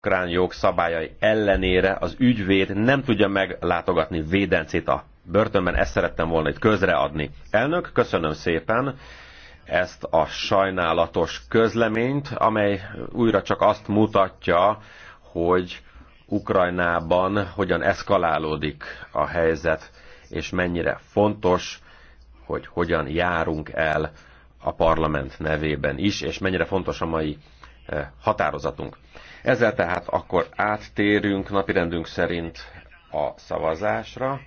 ukrán jog szabályai ellenére az ügyvéd nem tudja meglátogatni védencét a börtönben, ezt szerettem volna itt közreadni. Elnök, köszönöm szépen ezt a sajnálatos közleményt, amely újra csak azt mutatja, hogy Ukrajnában hogyan eszkalálódik a helyzet, és mennyire fontos, hogy hogyan járunk el a parlament nevében is, és mennyire fontos a mai határozatunk. Ezzel tehát akkor áttérünk napirendünk szerint a szavazásra.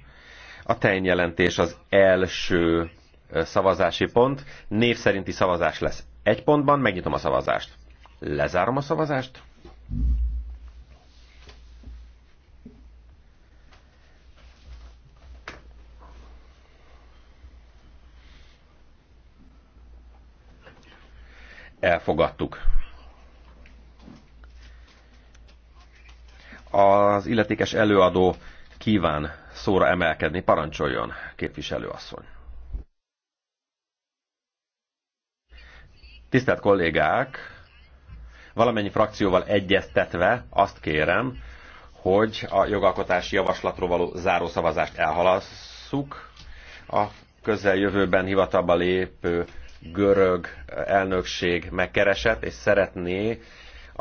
A tejnjelentés az első szavazási pont. Név szerinti szavazás lesz. Egy pontban megnyitom a szavazást. Lezárom a szavazást. Elfogadtuk. Az illetékes előadó kíván szóra emelkedni. Parancsoljon, képviselőasszony. Tisztelt kollégák, valamennyi frakcióval egyeztetve azt kérem, hogy a jogalkotási javaslatról való zárószavazást elhalasszuk. A közeljövőben hivatalba lépő görög elnökség megkeresett, és szeretné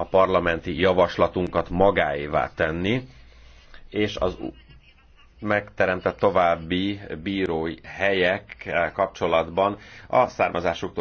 a parlamenti javaslatunkat magáévá tenni, és az megteremtett további bírói helyek kapcsolatban a származásuktól